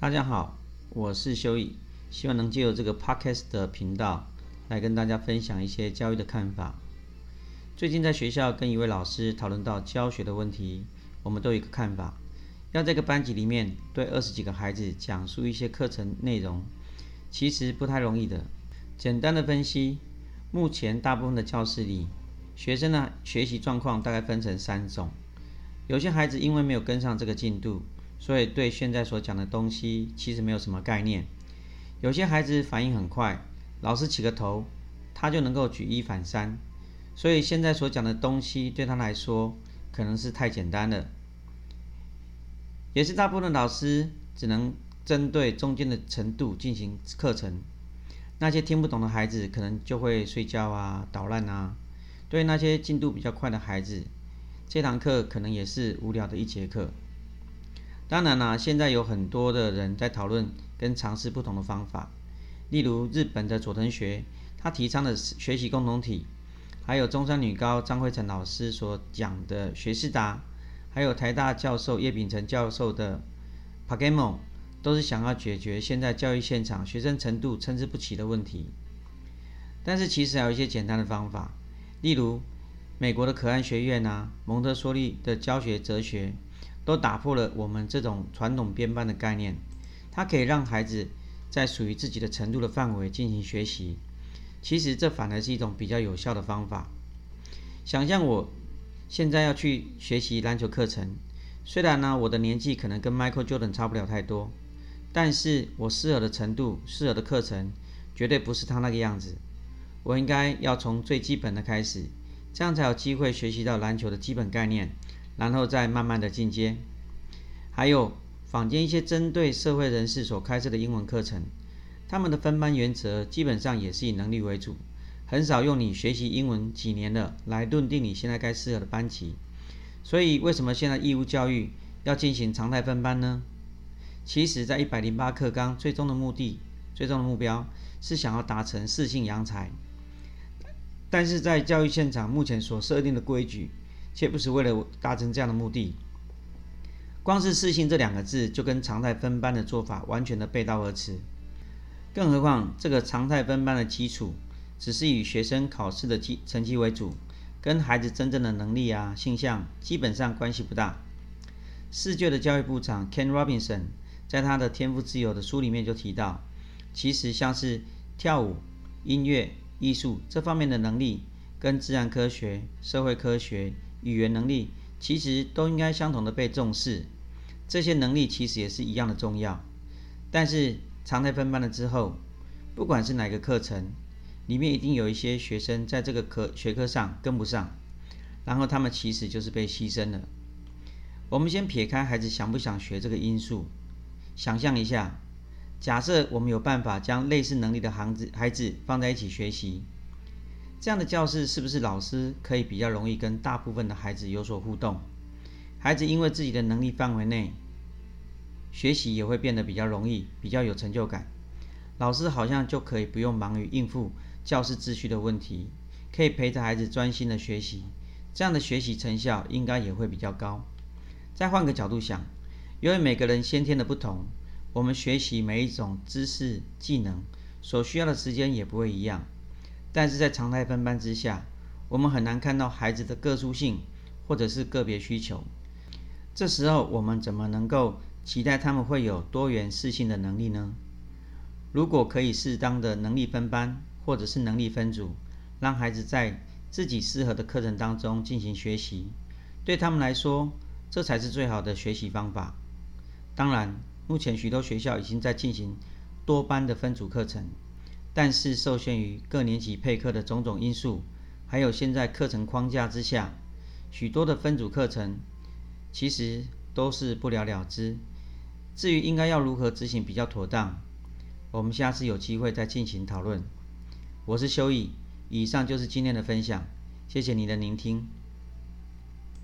大家好，我是修義，希望能借由這個 podcast 的頻道來跟大家分享一些教育的看法。最近在學校跟一位老師討論到教學的問題，我們都有一個看法：要在這個班級裡面對二十幾個孩子講述一些課程內容，其實不太容易的。簡單的分析，目前大部分的教室裡，學生的學習狀況大概分成三種：有些孩子因為沒有跟上這個進度。所以，對現在所講的東西其實沒有什麼概念。有些孩子反應很快，老師起個頭，他就能夠舉一反三。所以，現在所講的東西對他來說可能是太簡單了。也是大部分老師只能針對中間的程度進行課程。那些聽不懂的孩子可能就會睡覺啊、搗亂啊。對那些進度比較快的孩子，這堂課可能也是無聊的一節課。當然啦、啊，現在有很多的人在討論跟嘗試不同的方法，例如日本的佐藤學，他提倡的學習共同體，還有中山女高張輝誠老師所講的學思達，還有台大教授葉丙成教授的 PaGamO，都是想要解決現在教育現場學生程度參差不齊的問題。但是其實還有一些簡單的方法，例如美國的可汗學院啊，蒙特梭利的教學哲學。都打破了我們這種傳統編班的概念，它可以讓孩子在屬於自己的程度的範圍進行學習。其實這反而是一種比較有效的方法。想象我現在要去學習籃球課程，雖然呢，我的年紀可能跟 Michael Jordan 差不了太多，但是我適合的程度、適合的課程絕對不是他那個樣子。我應該要從最基本的開始，這樣才有機會學習到籃球的基本概念。然後再慢慢的進階，還有坊間一些針對社會人士所開設的英文課程，他們的分班原則基本上也是以能力為主，很少用你學習英文幾年了來論定你現在該適合的班級。所以為什麼現在義務教育要進行常態分班呢？其實，在一百零八課綱最終的目的、最終的目標是想要達成適性揚才，但是在教育現場目前所設定的規矩。卻不是為了達成這樣的目的。光是“適性”這兩個字，就跟常態分班的做法完全的背道而馳。更何況，這個常態分班的基礎只是以學生考試的績成績為主，跟孩子真正的能力啊、性向，基本上關係不大。世界的教育部長 Ken Robinson 在他的《天賦自由》的書裡面就提到，其實像是跳舞、音樂、藝術這方面的能力，跟自然科學、社會科學。語言能力其實都應該相同的被重視，這些能力其實也是一樣的重要。但是常態分班了之後，不管是哪個課程，裡面一定有一些學生在這個科學科上跟不上，然後他們其實就是被犧牲了。我們先撇開孩子想不想學這個因素，想象一下，假設我們有辦法將類似能力的孩子孩子放在一起學習。這樣的教室是不是老師可以比較容易跟大部分的孩子有所互動？孩子因為自己的能力範圍內，學習也會變得比較容易，比較有成就感。老師好像就可以不用忙於應付教室秩序的問題，可以陪着孩子專心的學習。這樣的學習成效應該也會比較高。再換個角度想，由於每個人先天的不同，我們學習每一種知識技能所需要的時間也不會一樣。但是在常態分班之下，我們很難看到孩子的個殊性或者是個別需求。這時候，我們怎麼能夠期待他們會有多元適性的能力呢？如果可以適當的能力分班或者是能力分組，讓孩子在自己適合的課程當中進行學習，對他們來說，這才是最好的學習方法。當然，目前許多學校已經在進行多班的分組課程。但是受限於各年級配課的種種因素，還有現在課程框架之下，許多的分組課程其實都是不了了之。至於應該要如何執行比較妥當，我們下次有機會再進行討論。我是修義，以上就是今天的分享，謝謝你的聆聽。